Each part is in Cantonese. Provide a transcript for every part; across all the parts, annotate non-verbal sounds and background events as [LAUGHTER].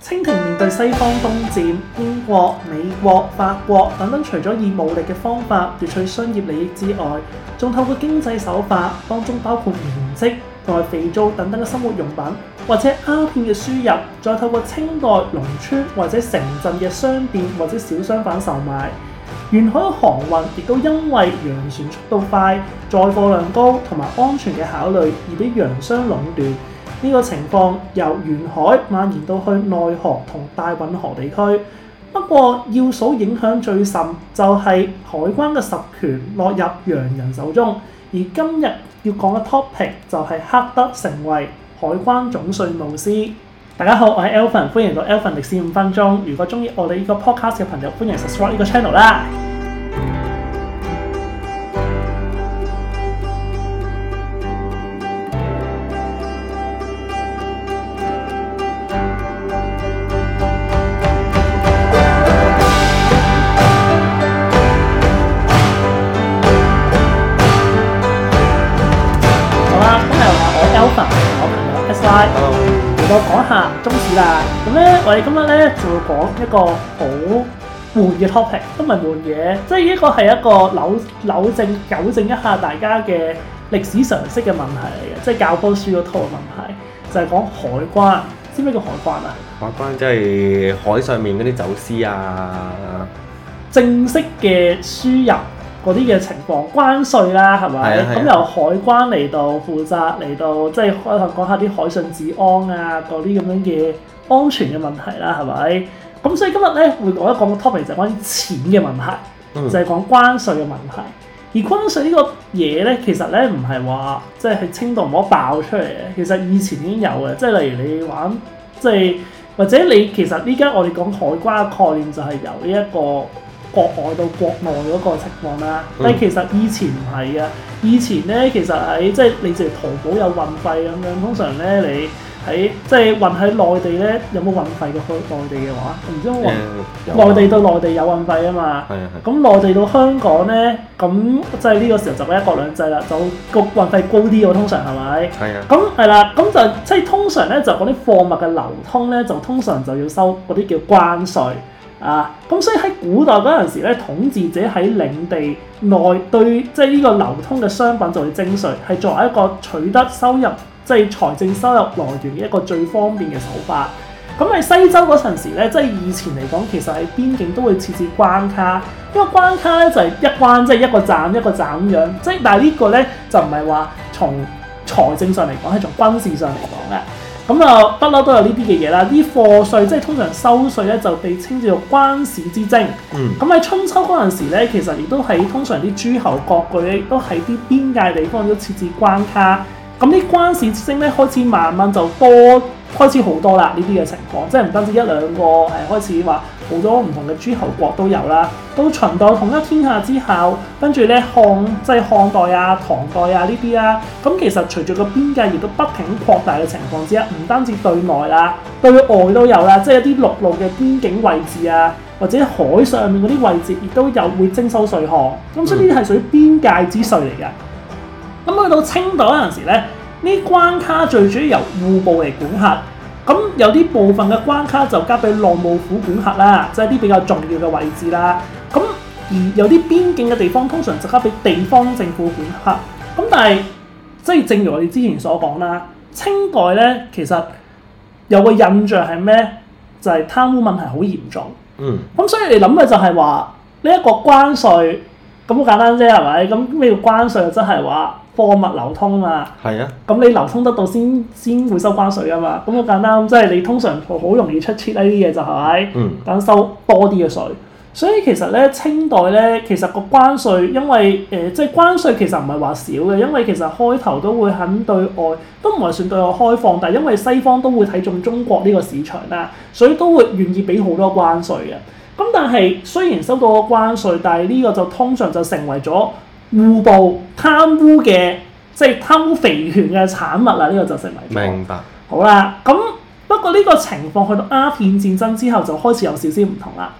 清廷面對西方東漸，英國、美國、法國等等，除咗以武力嘅方法奪取商業利益之外，仲透過經濟手法，當中包括。同埋肥皂等等嘅生活用品，或者鴉片嘅輸入，再透過清代農村或者城鎮嘅商店或者小商販售賣。沿海航運亦都因為洋船速度快、載貨量高同埋安全嘅考慮，而俾洋商壟斷。呢個情況由沿海蔓延到去內河同大運河地區。不過要數影響最甚，就係海關嘅實權落入洋人手中。而今日要講嘅 topic 就係黑德成為海關總稅務司。大家好，我係 Elfen，歡迎到 Elfen 歷史五分鐘。如果中意我哋呢個 podcast 嘅朋友，歡迎 subscribe 呢個 channel 啦。嚟我講下宗旨啦，咁咧我哋今日咧就會講一個好悶嘅 topic，都唔係悶嘅，即係呢個係一個扭扭正糾正一下大家嘅歷史常識嘅問題嚟嘅，即係教科書嗰套嘅問題，就係、是、講海關，知唔知叫海關啊？海關即係海上面嗰啲走私啊，正式嘅輸入。嗰啲嘅情況，關稅啦，係咪？咁由、啊啊、海關嚟到負責，嚟到即係可能講下啲海上治安啊，嗰啲咁樣嘅安全嘅問題啦，係咪？咁所以今日咧，會講一講個 topic 就係關於錢嘅問題，嗯、就係講關稅嘅問題。而關稅呢個嘢咧，其實咧唔係話即係係清道好爆出嚟嘅，其實以前已經有嘅，即係例如你玩，即係或者你其實依家我哋講海關嘅概念就係由呢、這、一個。國外到國內嗰個情況啦，但係其實以前唔係嘅，以前咧其實喺即係你即係淘寶有運費咁樣，通常咧你喺即係運喺內地咧有冇運費嘅去內地嘅話，唔知、嗯、內地到內地有運費啊嘛，咁內地到香港咧，咁即係呢個時候就一國兩制啦，就個運費高啲喎，通常係咪？係啊，咁係啦，咁就即係通常咧就嗰啲貨物嘅流通咧就通常就要收嗰啲叫關稅。啊，咁所以喺古代嗰陣時咧，統治者喺領地內對即係呢個流通嘅商品就會徵稅，係作為一個取得收入，即係財政收入來源嘅一個最方便嘅手法。咁喺西周嗰陣時咧，即係以前嚟講，其實喺邊境都會設置關卡，因為關卡咧就係一關即係一個站一個站咁樣。即係但係呢個咧就唔係話從財政上嚟講，係從軍事上嚟講嘅。咁、嗯嗯、啊，不嬲都有呢啲嘅嘢啦，啲課稅即係通常收稅咧就被稱叫做關市之征。咁喺春秋嗰陣時咧，其實亦都喺通常啲諸侯各據嗰啲都喺啲邊界地方都設置關卡。咁啲關市之征咧開始慢慢就多。開始好多啦，呢啲嘅情況，即係唔單止一兩個，誒開始話好多唔同嘅諸侯國都有啦。到秦代統一天下之後，跟住呢漢即係漢代啊、唐代啊呢啲啦，咁、啊、其實隨住個邊界亦都不停擴大嘅情況之下，唔單止對內啦、啊，對外都有啦，即係一啲陸路嘅邊境位置啊，或者海上面嗰啲位置，亦都有會徵收稅項。咁所以呢啲係屬於邊界之稅嚟嘅。咁去到清代嗰陣時咧。呢關卡最主要由戶部嚟管轄，咁有啲部分嘅關卡就交俾內務府管轄啦，即係啲比較重要嘅位置啦。咁而有啲邊境嘅地方，通常就交俾地方政府管轄。咁但係即係正如我哋之前所講啦，清代咧其實有個印象係咩？就係貪污問題好嚴重。嗯。咁所以你諗嘅就係話呢一個關稅咁好簡單啫，係咪？咁咩關稅啊？真係話。貨物流通嘛，係啊，咁你流通得到先先會收關稅啊嘛，咁好簡單，即係你通常好容易出 cheap 呢啲嘢就係咪？嗯，等收多啲嘅稅，所以其實咧清代咧，其實個關稅因為誒、呃、即係關稅其實唔係話少嘅，因為其實開頭都會肯對外，都唔係算對外開放，但係因為西方都會睇中中國呢個市場啦，所以都會願意俾好多關稅嘅。咁但係雖然收到個關稅，但係呢個就通常就成為咗。戶部貪污嘅，即係貪污肥權嘅產物啦，呢、這個就成為。明白。好啦，咁不過呢個情況去到鴉片戰爭之後就開始有少少唔同啦，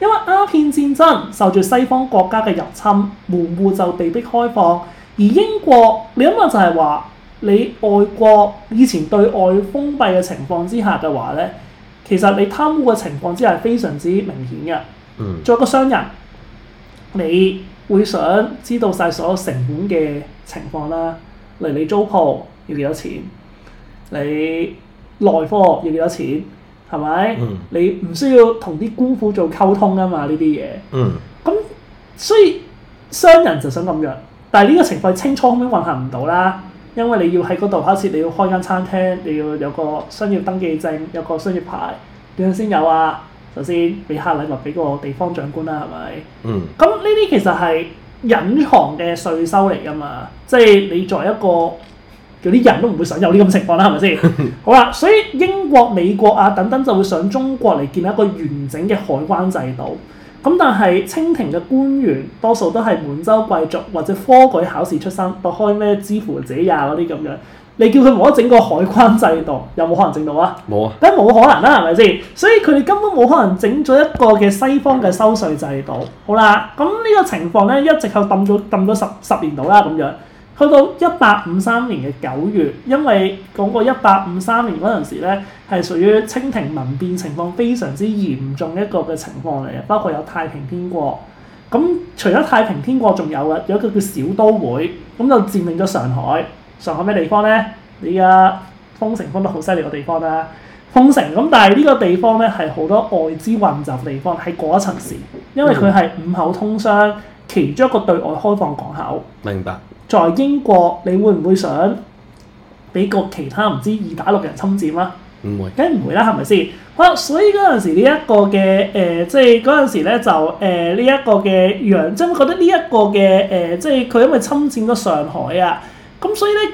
因為鴉片戰爭受住西方國家嘅入侵，門戶就被逼開放。而英國，你諗下就係話，你外國以前對外封閉嘅情況之下嘅話呢，其實你貪污嘅情況之下係非常之明顯嘅。嗯。作為個商人，你，會想知道晒所有成本嘅情況啦，例如你租鋪要幾多錢？你入貨要幾多錢？係咪？嗯、你唔需要同啲官府做溝通啊嘛？呢啲嘢。嗯。咁所以商人就想咁樣，但係呢個情況清初已經運行唔到啦，因為你要喺嗰度開始，你要開間餐廳，你要有個商業登記證，有個商業牌點樣先有啊？首先俾下禮物俾個地方長官啦，係咪？嗯。咁呢啲其實係隱藏嘅稅收嚟噶嘛，即係你作為一個，嗰啲人都唔會想有呢咁情況啦，係咪先？ [LAUGHS] 好啦，所以英國、美國啊等等就會上中國嚟建立一個完整嘅海關制度。咁但係清廷嘅官員多數都係滿洲貴族或者科舉考試出身，讀開咩之乎者也嗰啲咁樣。你叫佢冇得整個海關制度，有冇可能整到有啊？冇啊，梗係冇可能啦，係咪先？所以佢哋根本冇可能整咗一個嘅西方嘅收稅制度。好啦，咁呢個情況咧，一直去冧咗，冧咗十十年度啦，咁樣去到一八五三年嘅九月，因為嗰個一八五三年嗰陣時咧，係屬於清廷民變情況非常之嚴重一個嘅情況嚟嘅，包括有太平天國，咁除咗太平天國仲有嘅，有一個叫小刀會，咁就佔領咗上海。上海咩地方咧？依家封城封得好犀利嘅地方啦、啊，封城。咁但係呢個地方咧，係好多外資混雜嘅地方，喺嗰一層事，因為佢係五口通商，其中一個對外開放港口。明白。在英國，你會唔會想俾個其他唔知二打六人侵佔啊？唔會，梗唔會啦，係咪先？好，所以嗰陣時呢一個嘅誒、呃，即係嗰陣時咧就誒呢一個嘅楊，真係、嗯、覺得呢一個嘅誒、呃，即係佢因為侵佔咗上海啊。咁所以咧，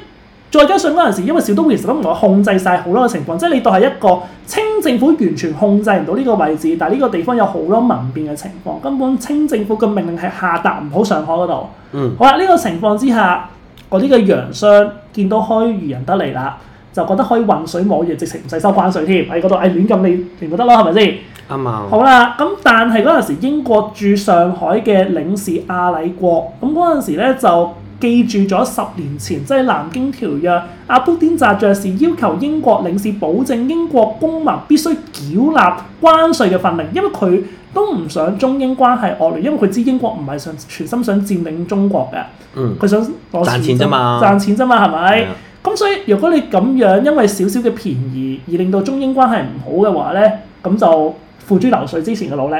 再加上嗰陣時，因為小刀其實都唔同，控制晒好多嘅情況，即係你當係一個清政府完全控制唔到呢個位置，但係呢個地方有好多民變嘅情況，根本清政府嘅命令係下達唔好上海嗰度。嗯，好啦，呢、這個情況之下，嗰啲嘅洋商見到開漁人得利啦，就覺得可以混水摸魚，直情唔使收關稅添喺嗰度，誒、哎、亂咁你全部得咯，係咪先？啱啊、嗯。好啦，咁但係嗰陣時英國駐上海嘅領事亞禮國，咁嗰陣時咧就。記住咗十年前即係、就是、南京條約，阿布丁扎爵士要求英國領事保證英國公民必須繳納關稅嘅份。令，因為佢都唔想中英關係惡劣，因為佢知英國唔係想全心想佔領中國嘅，佢想攞錢啫嘛、嗯，賺錢啫嘛，係咪？咁的所以如果你咁樣因為少少嘅便宜而令到中英關係唔好嘅話咧，咁就付諸流水之前嘅努力。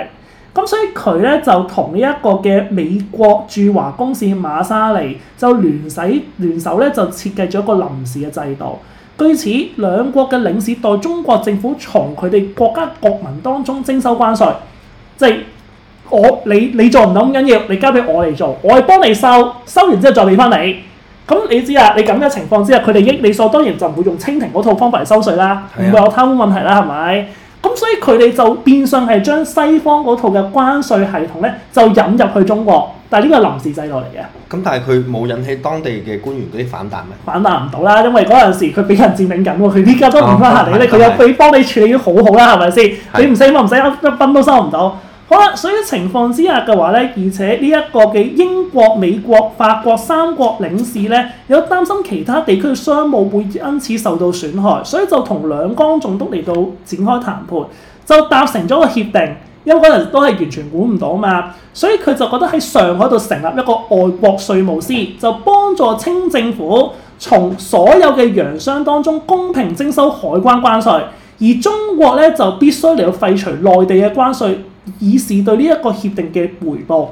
咁所以佢咧就同呢一個嘅美國駐華公使馬沙尼就聯使聯手咧，就設計咗一個臨時嘅制度。據此，兩國嘅領事代中國政府從佢哋國家國民當中徵收關稅。即係我你你，你做唔到咁緊要，你交俾我嚟做，我係幫你收，收完之後再俾返你。咁你知啦，你咁嘅情況之下，佢哋亦理所當然就唔會用清廷嗰套方法嚟收稅啦，唔、啊、會有貪污問題啦，係咪？所以佢哋就變相係將西方嗰套嘅關稅系統咧，就引入去中國。但係呢個係臨時制度嚟嘅。咁但係佢冇引起當地嘅官員嗰啲反彈咩、哦？反彈唔到啦，因為嗰陣時佢俾人佔領緊喎。佢依家都唔關係嘅，佢又俾幫你處理好好啦，係咪先？是是你唔使乜，唔使一一分都收唔到。好啦，所以情況之下嘅話咧，而且呢一個嘅英國、美國、法國三國領事咧，有擔心其他地區嘅商務會因此受到損害，所以就同兩江總督嚟到展開談判，就達成咗個協定。英國人都係完全估唔到嘛，所以佢就覺得喺上海度成立一個外國稅務司，就幫助清政府從所有嘅洋商當中公平徵收海關關稅，而中國咧就必須嚟到廢除內地嘅關稅。以示對呢一個協定嘅回報，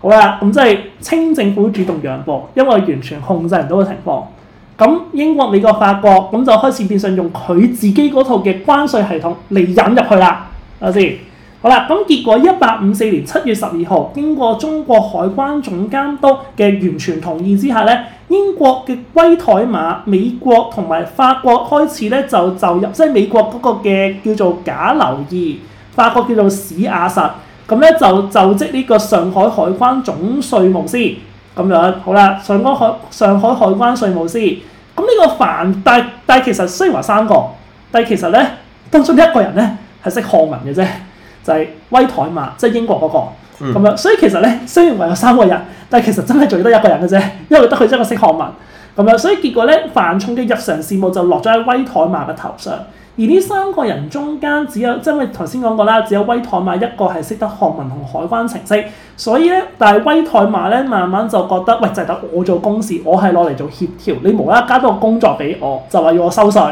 好啦，咁即係清政府主動讓步，因為完全控制唔到嘅情況，咁英國、美國、法國咁就開始變相用佢自己嗰套嘅關稅系統嚟引入去啦，係咪先？好啦，咁結果一八五四年七月十二號，經過中國海關總監督嘅完全同意之下咧，英國嘅龜太馬、美國同埋法國開始咧就就入，即係美國嗰個嘅叫做假留意。法國叫做史亞實，咁咧就就職呢個上海海關總稅務司，咁樣好啦，上海海上海海關稅務司，咁呢個範，但但其實雖然話三個，但其實咧當中一個人咧係識漢文嘅啫，就係、是、威台馬，即係英國嗰、那個，咁樣，所以其實咧雖然話有三個人，但其實真係做得一個人嘅啫，因為得佢真係識漢文，咁樣，所以結果咧繁重嘅日常事務就落咗喺威台馬嘅頭上。而呢三個人中間只有，即係我頭先講過啦，只有威妥瑪一個係識得漢文同海關程式，所以咧，但係威妥瑪咧慢慢就覺得，喂，就係、是、得我做公事，我係攞嚟做協調，你無啦啦加多個工作俾我，就話要我收稅，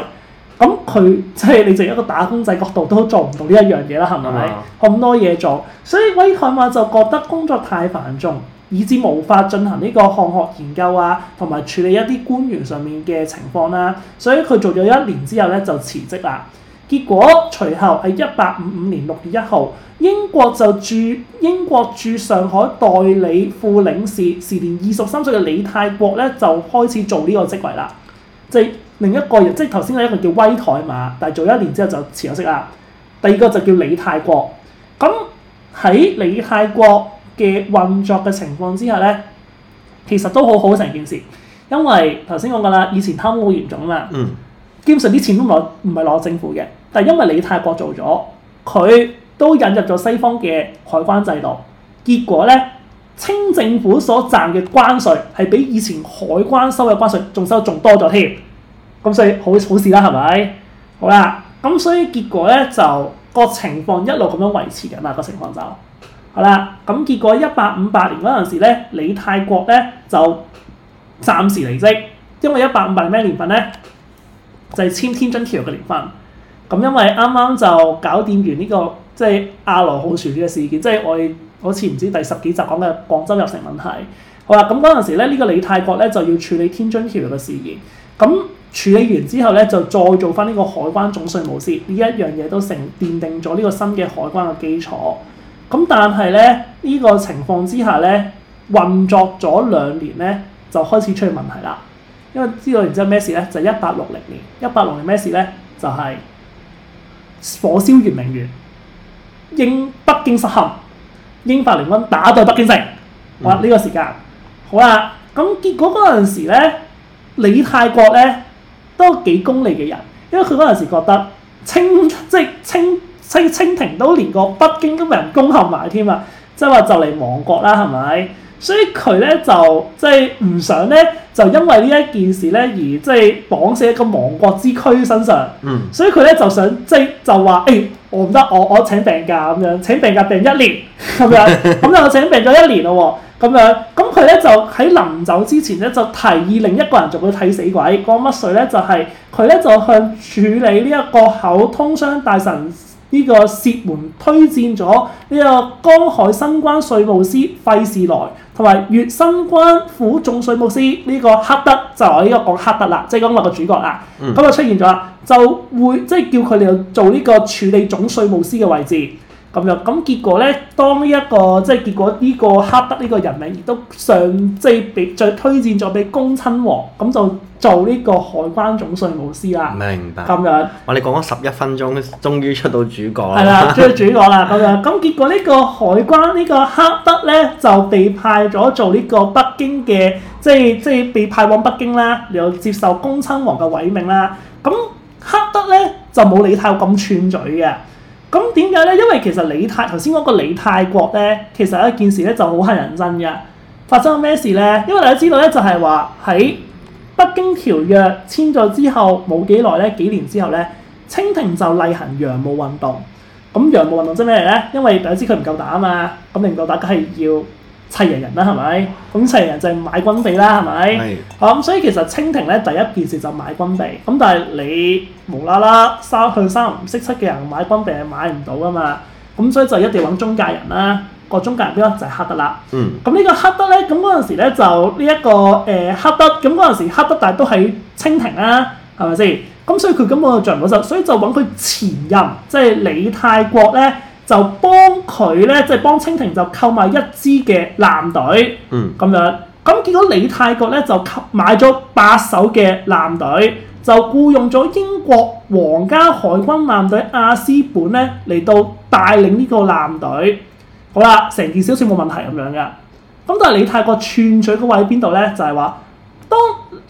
咁佢即係你做一個打工仔角度都做唔到呢一樣嘢啦，係咪？咁、uh huh. 多嘢做，所以威妥瑪就覺得工作太繁重。以致無法進行呢個漢學,學研究啊，同埋處理一啲官員上面嘅情況啦、啊，所以佢做咗一年之後咧就辭職啦。結果隨後係一八五五年六月一號，英國就駐英國駐上海代理副領事，時年二十三歲嘅李泰國咧就開始做呢個職位啦。就另一個人，即係頭先有一個叫威妥瑪，但係做一年之後就辭咗職啦。第二個就叫李泰國，咁喺李泰國。嘅運作嘅情況之下咧，其實都好好成件事，因為頭先講噶啦，以前貪污嚴重嘛，嗯，基本上啲錢都攞唔係攞政府嘅，但係因為李泰國做咗，佢都引入咗西方嘅海關制度，結果咧，清政府所賺嘅關稅係比以前海關收嘅關稅仲收仲多咗添，咁所以好好事啦，係咪？好啦，咁所以結果咧就個情況一路咁樣維持嘅，嘛，個情況就是。好啦，咁結果一八五八年嗰陣時咧，李泰國咧就暫時離職，因為一八五八年咩年份咧，就係、是、簽天津條約嘅年份。咁因為啱啱就搞掂完呢、這個即係、就是、阿羅號船嘅事件，即、就、係、是、我好似唔知第十幾集講嘅廣州入城問題。好啦，咁嗰陣時咧，呢、這個李泰國咧就要處理天津條約嘅事件。咁處理完之後咧，就再做翻呢個海關總稅務司。呢一樣嘢都成奠定咗呢個新嘅海關嘅基礎。咁但係咧，呢、這個情況之下咧，運作咗兩年咧，就開始出現問題啦。因為知道然之後咩事咧，就一八六零年。一八六零咩事咧？就係、是、火燒圓明園，英北京失陷，英法聯軍打到北京城。好哇！呢、嗯、個時間，好啦。咁結果嗰陣時咧，李泰國咧都幾功利嘅人，因為佢嗰陣時覺得清即清。青清廷都連個北京都俾人攻陷埋添啊！即係話就嚟、是、亡國啦，係咪？所以佢咧就即係唔想咧，就因為呢一件事咧而即係、就是、綁死一個亡國之軀身上。嗯，所以佢咧就想即係就話、是：，誒、欸，我唔得，我我請病假，咁樣請病假，病一年咁 [LAUGHS] 樣，咁就請病咗一年咯。咁樣咁佢咧就喺臨走之前咧就提議另一個人做佢替死鬼。講、那、乜、個、水咧？就係佢咧就向處理呢一個口通商大臣，呢個竊門推薦咗呢個江海新關稅務司費士來，同埋粵新關府總稅務司呢個黑德，就我呢家講黑德啦，即係講我個主角啦，咁、嗯、就出現咗，就會即係、就是、叫佢哋做呢個處理總稅務司嘅位置。咁樣咁結果咧，當呢、這、一個即係結果，呢個黑德呢個人名亦都上即係俾再推薦咗俾恭親王，咁就做呢個海關總稅務司啦。明白咁樣。我哋講咗十一分鐘，終於出到主角啦。係啦，出到主角啦，咁樣咁結果呢個海關呢個黑德咧，就被派咗做呢個北京嘅，即係即係被派往北京啦，又接受恭親王嘅委命啦。咁黑德咧就冇李泰國咁串嘴嘅。咁點解咧？因為其實李泰頭先嗰個李泰國咧，其實有一件事咧就好乞人憎嘅。發生咗咩事咧？因為大家知道咧，就係話喺北京條約簽咗之後冇幾耐咧，幾年之後咧，清廷就例行洋務運動。咁洋務運動即咩嚟咧？因為大家知佢唔夠打啊嘛，咁唔夠打梗係要。齊人人啦，係咪？咁齊人就係買軍備啦，係咪？係是。好咁、嗯，所以其實清廷咧第一件事就買軍備。咁但係你無啦啦三去三唔識七嘅人買軍備係買唔到㗎嘛。咁、嗯、所以就一定揾中介人啦。個中介人邊個就係赫德啦。嗯。咁呢、嗯、個赫德咧，咁嗰陣時咧就呢一、這個誒、呃、赫德。咁嗰陣時赫德但是是、啊，但係都喺清廷啦，係咪先？咁所以佢根本就著唔到身，所以就揾佢前任，即、就、係、是、李泰國咧。就幫佢咧，即係幫清廷就購買一支嘅艦隊，嗯，咁樣。咁結果李泰國咧就購買咗八艘嘅艦隊，就僱用咗英國皇家海軍艦隊亞斯本咧嚟到帶領呢個艦隊。好啦，成件小事冇問題咁樣嘅。咁但係李泰國串取嘅位喺邊度咧？就係話，當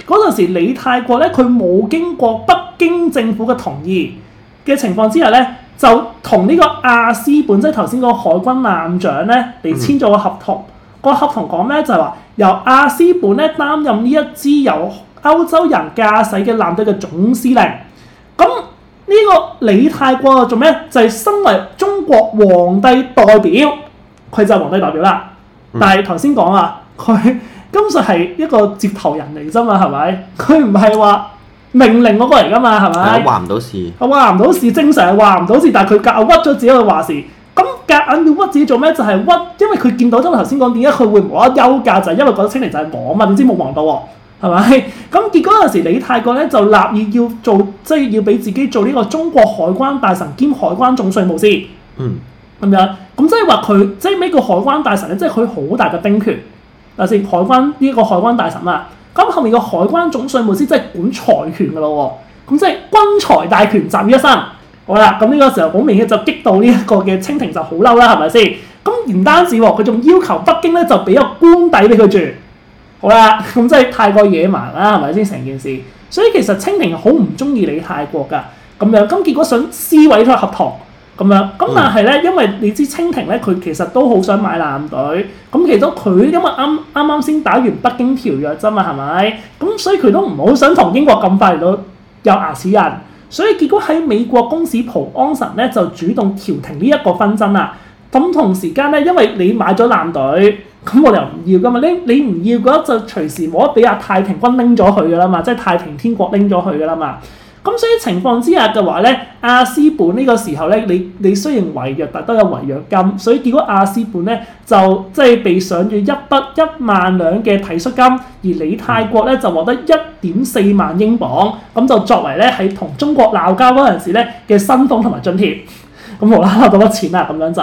嗰陣時李泰國咧佢冇經過北京政府嘅同意嘅情況之下咧。就同呢個亞斯本即係頭先個海軍艦長咧嚟簽咗個合同，嗯、個合同講咧就係、是、話由亞斯本咧擔任呢一支由歐洲人駕駛嘅艦隊嘅總司令。咁呢個李泰國做咩？就係、是、身為中國皇帝代表，佢就係皇帝代表啦。但係頭先講啊，佢根本上係一個接頭人嚟啫嘛，係咪？佢唔係話。命令嗰個嚟噶嘛，係咪？我話唔到事。我話唔到事，正常係話唔到事。但係佢夾硬屈咗自己去話事，咁夾硬要屈自己做咩？就係、是、屈，因為佢見到咗頭先講點解佢會冇得休假，就係、是、因為覺得清零就係忙啊嘛。點知冇忙到喎，係咪？咁結果嗰陣時，李泰國咧就立意要做，即、就、係、是、要俾自己做呢個中國海關大臣兼海關總稅務司。嗯，咁樣。咁即係話佢，即係呢個海關大臣咧，即係佢好大嘅兵權。嗱先，海關呢個海關大臣啊。咁後面個海關總稅務司真係管財權噶咯喎，咁即係軍財大權集於一身。好啦，咁呢個時候好明顯就激到呢一個嘅清廷就好嬲啦，係咪先？咁唔單止喎，佢仲要求北京咧就俾個官邸俾佢住。好啦，咁即係太過野蠻啦，係咪先？成件事。所以其實清廷好唔中意李泰國噶咁樣，咁結果想撕毀咗合同。咁樣，咁、嗯、但係咧，因為你知清廷咧，佢其實都好想買艦隊，咁其中，佢因為啱啱啱先打完北京條約啫嘛，係咪？咁所以佢都唔好想同英國咁快到有牙齒印，所以結果喺美國公使蒲安臣咧就主動調停呢一個紛爭啦。咁同時間咧，因為你買咗艦隊，咁我又唔要噶嘛？你你唔要嘅話就隨時冇得俾阿太平軍拎咗佢噶啦嘛，即係太平天國拎咗佢噶啦嘛。咁所以情況之下嘅話咧，亞斯本呢個時候咧，你你雖然違約，但都有違約金。所以結果亞斯本咧就即係被上咗一筆一萬兩嘅體恤金，而李泰國咧就獲得一點四萬英鎊，咁就作為咧喺同中國鬧交嗰陣時咧嘅薪俸同埋津貼。咁無啦啦多到筆錢啊，咁樣就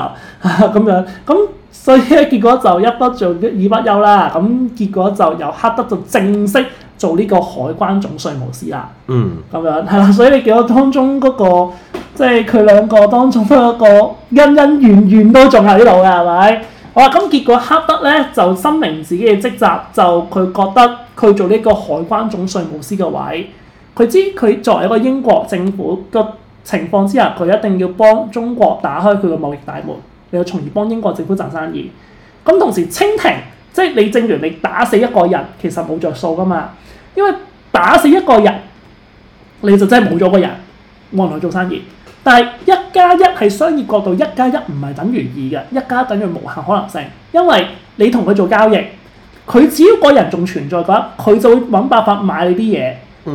咁樣。咁所以咧結果就一不做二不休啦。咁結果就由黑德做正式。做呢個海關總稅務司啦，嗯，咁樣係啦，所以你見到當中嗰個，即係佢兩個當中嗰個恩恩怨怨都仲喺度嘅係咪？好哇！咁結果赫德咧就申明自己嘅職責，就佢覺得佢做呢個海關總稅務司嘅位，佢知佢作為一個英國政府嘅情況之下，佢一定要幫中國打開佢個貿易大門，又從而幫英國政府賺生意。咁同時清廷，即係你正如你打死一個人，其實冇着數噶嘛。因為打死一個人，你就真係冇咗個人，冇人嚟做生意。但係一加一係商業角度，一加一唔係等於二嘅，一加一等於無限可能性。因為你同佢做交易，佢只要個人仲存在嘅話，佢就會揾辦法買你啲嘢。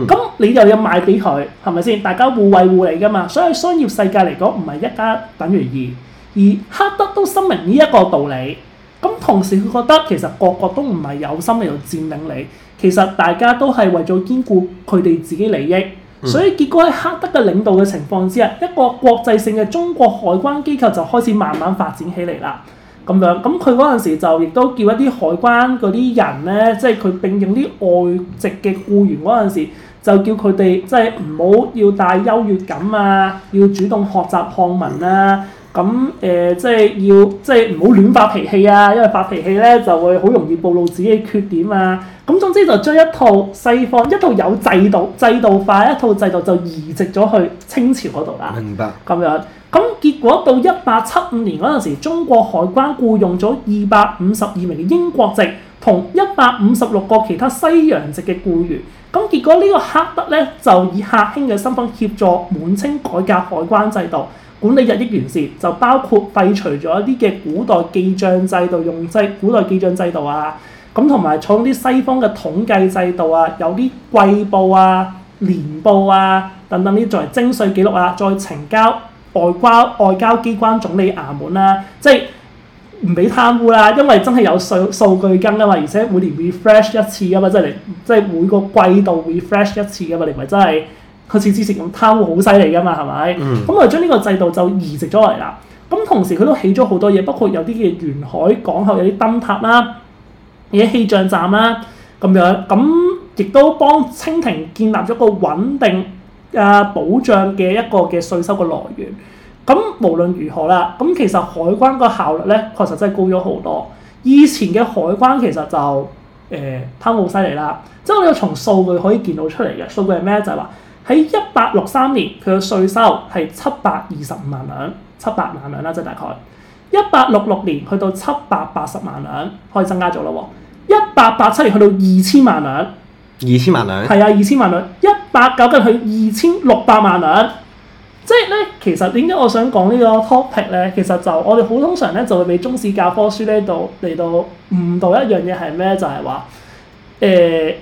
咁、嗯、你又要買俾佢，係咪先？大家互惠互利㗎嘛。所以商業世界嚟講，唔係一加一等於二，2，而黑德都深明呢一個道理。咁同時佢覺得其實個個都唔係有心嚟到佔領你。其實大家都係為咗兼顧佢哋自己利益，所以結果喺黑德嘅領導嘅情況之下，一個國際性嘅中國海關機構就開始慢慢發展起嚟啦。咁樣咁佢嗰陣時就亦都叫一啲海關嗰啲人咧，即係佢聘用啲外籍嘅雇員嗰陣時，就叫佢哋即係唔好要帶優越感啊，要主動學習漢文啊。咁誒、呃，即係要即係唔好亂發脾氣啊！因為發脾氣咧，就會好容易暴露自己嘅缺點啊！咁總之就將一套西方一套有制度、制度化一套制度就移植咗去清朝嗰度啦。明白，咁樣。咁結果到一八七五年嗰陣時，中國海關僱用咗二百五十二名英國籍同一百五十六個其他西洋籍嘅僱員。咁結果呢個黑德咧就以客卿嘅身份協助滿清改革海關制度。管理日益完善，就包括廢除咗一啲嘅古代記帳制度，用制古代記帳制度啊，咁同埋採啲西方嘅統計制度啊，有啲季報啊、年報啊等等呢，作為徵稅記錄啊，再呈交外交外交機關總理衙門啦、啊，即係唔俾貪污啦，因為真係有數數據跟㗎嘛，而且每年 refresh 一次㗎嘛，即係嚟即係每個季度 refresh 一次㗎嘛，你咪真係。好似之前咁貪污好犀利噶嘛，係咪？咁、嗯、我哋將呢個制度就移植咗嚟啦。咁同時佢都起咗好多嘢，包括有啲嘅沿海港口有啲燈塔啦，有啲氣象站啦，咁樣咁亦都幫清廷建立咗個穩定啊保障嘅一個嘅稅收嘅來源。咁無論如何啦，咁其實海關個效率咧，確實真係高咗好多。以前嘅海關其實就誒貪污好犀利啦，即、呃、係、就是、我哋從數據可以見到出嚟嘅數據係咩？就係話。喺一八六三年，佢嘅稅收係七百二十五萬兩，七百萬兩啦，啊，即、就、係、是、大概。一八六六年去到七百八十萬兩，可以增加咗啦喎。一八八七年去到兩二千萬兩，二千萬兩，係啊，二千萬兩。一百九九年去二千六百萬兩。即係咧，其實點解我想講呢個 topic 咧？其實就我哋好通常咧，就會俾中史教科書呢度嚟到誤導一樣嘢係咩？就係、是、話，誒、呃，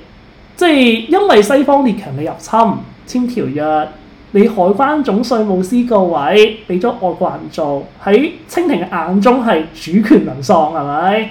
即係因為西方列強嘅入侵。簽條約，你海關總稅務司個位俾咗外國人做，喺清廷眼中係主權淪喪係咪？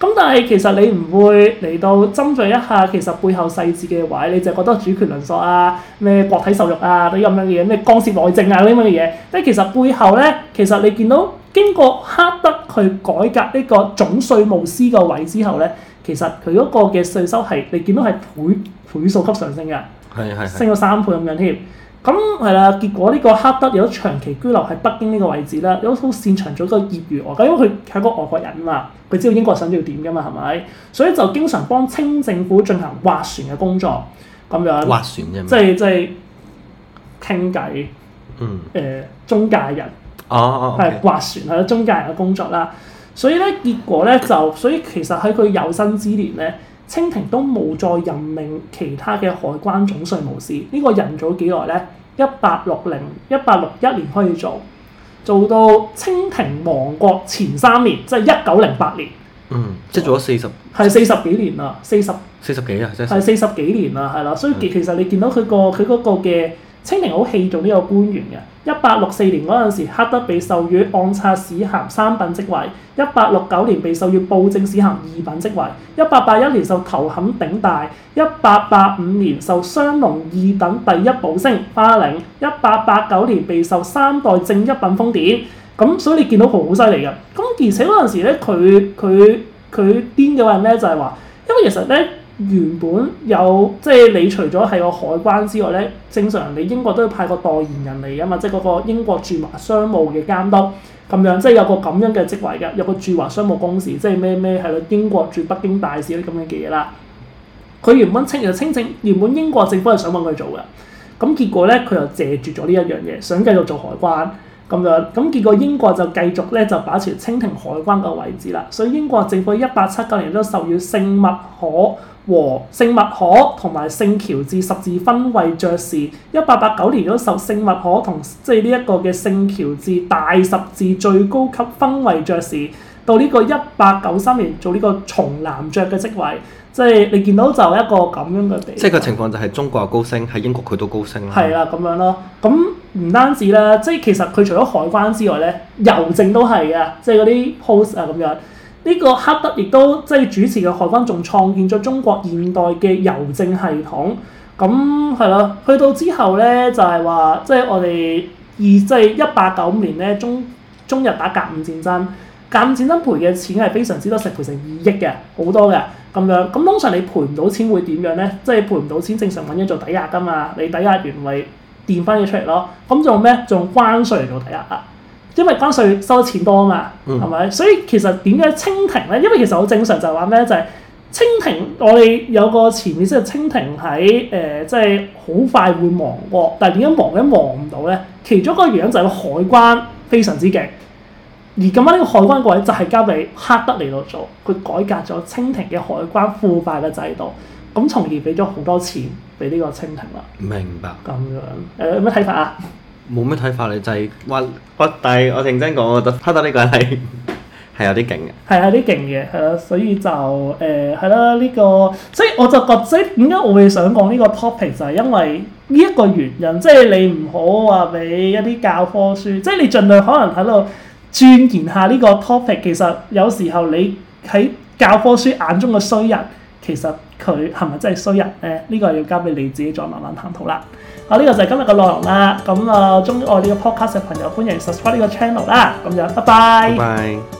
咁但係其實你唔會嚟到斟酌一下，其實背後細節嘅位，你就覺得主權淪喪啊，咩國體受辱啊，啲咁樣嘅嘢，咩干涉內政啊啲咁嘅嘢。即係其實背後咧，其實你見到經過赫德去改革呢個總稅務司個位之後咧，其實佢嗰個嘅稅收係你見到係倍倍數級上升嘅。係啊，是是是升咗三倍咁樣添，咁係啦。結果呢個黑德有長期居留喺北京呢個位置咧，有好擅長做個業餘外，因為佢係個外國人嘛，佢知道英國想要點㗎嘛，係咪？所以就經常幫清政府進行斡旋嘅工作咁樣，斡旋即係即係傾偈，就是就是、嗯，誒、呃、中介人，哦哦、oh, okay.，係斡旋係中介人嘅工作啦。所以咧，結果咧就，所以其實喺佢有生之年咧。清廷都冇再任命其他嘅海關總稅務司。呢、呢個人做咗幾耐呢？一八六零、一八六一年開始做，做到清廷亡國前三年，即係一九零八年。嗯，即係做咗四十，係四十幾年啦，四十，四十幾啊，即係四十幾年啦，係啦，所以其實你見到佢、嗰個佢嗰個嘅。清廷好器重呢個官員嘅。一八六四年嗰陣時，赫德被授予按察使行三品職位。一八六九年被授予布政使行二品職位。一八八一年受頭冚頂戴。一八八五年受雙龍二等第一寶星花翎。一八八九年被授三代正一品封典。咁所以你見到好犀利嘅。咁而且嗰陣時咧，佢佢佢癲嘅話係咩？就係話，因為其實咧。原本有即係你除咗係個海關之外咧，正常你英國都要派個代言人嚟啊嘛，即係嗰個英國駐華商務嘅監督咁樣，即係有個咁樣嘅職位嘅，有個駐華商務公使，即係咩咩係啦，英國駐北京大使啲咁樣嘅嘢啦。佢原本清就清，清原本英國政府係想揾佢做嘅，咁結果咧佢又借住咗呢一樣嘢，想繼續做海關。咁樣，咁結果英國就繼續咧就把持清廷海關嘅位置啦。所以英國政府一八七九年都授予聖麥可和聖麥可同埋聖喬治十字勳位爵士。一八八九年都授聖麥可同即係呢一個嘅聖喬治大十字最高級勳位爵士。到呢個一八九三年做呢個從男爵嘅職位，即係你見到就一個咁樣嘅地位。即係個情況就係中國有高升，喺英國佢都高升啦、啊。係啦、啊，咁樣咯，咁。唔單止啦，即係其實佢除咗海關之外咧，郵政都係嘅，即係嗰啲 post 啊咁樣。呢、這個赫德亦都即係主持嘅海關，仲創建咗中國現代嘅郵政系統。咁係咯，去到之後咧就係、是、話，即係我哋二即係一八九五年咧中中日打甲午戰爭，甲午戰爭賠嘅錢係非常之多，賠成賠成二億嘅，好多嘅咁樣。咁通常你賠唔到錢會點樣咧？即係賠唔到錢，正常揾嘢做抵押㗎嘛。你抵押完咪？變翻嘢出嚟咯，咁仲有咩？仲有關稅嚟做抵押，啊！因為關稅收得錢多啊嘛，係咪？嗯、所以其實點解清廷咧？因為其實好正常就係話咩？就係、是、清廷，我哋有個潛意識，清廷喺誒、呃，即係好快會亡國，但係點解亡都亡唔到咧？其中一個原因就係個海關非常之勁，而今晚呢個海關個位就係交俾黑德尼度做，佢改革咗清廷嘅海關腐敗嘅制度，咁從而俾咗好多錢。俾呢個蜻蜓啦，明白，咁樣誒、呃，有咩睇法啊？冇咩睇法，你就係話我，但係我認真講，我覺得拍到呢個係係有啲勁嘅，係有啲勁嘅，係啦，所以就誒係啦，呢個，所以我就覺得，即係點解我會想講呢個 topic，就係因為呢一個原因，即係你唔好話俾一啲教科書，即係你盡量可能喺度鑽研下呢個 topic，其實有時候你喺教科書眼中嘅衰人，其實。佢係咪真係衰人咧？呢、這個要交俾你自己再慢慢探討啦。好、啊，呢、這個就係今日嘅內容啦。咁、嗯、啊，中意我呢個 podcast 嘅朋友，歡迎 subscribe 呢個 channel 啦。咁樣，拜拜。拜拜。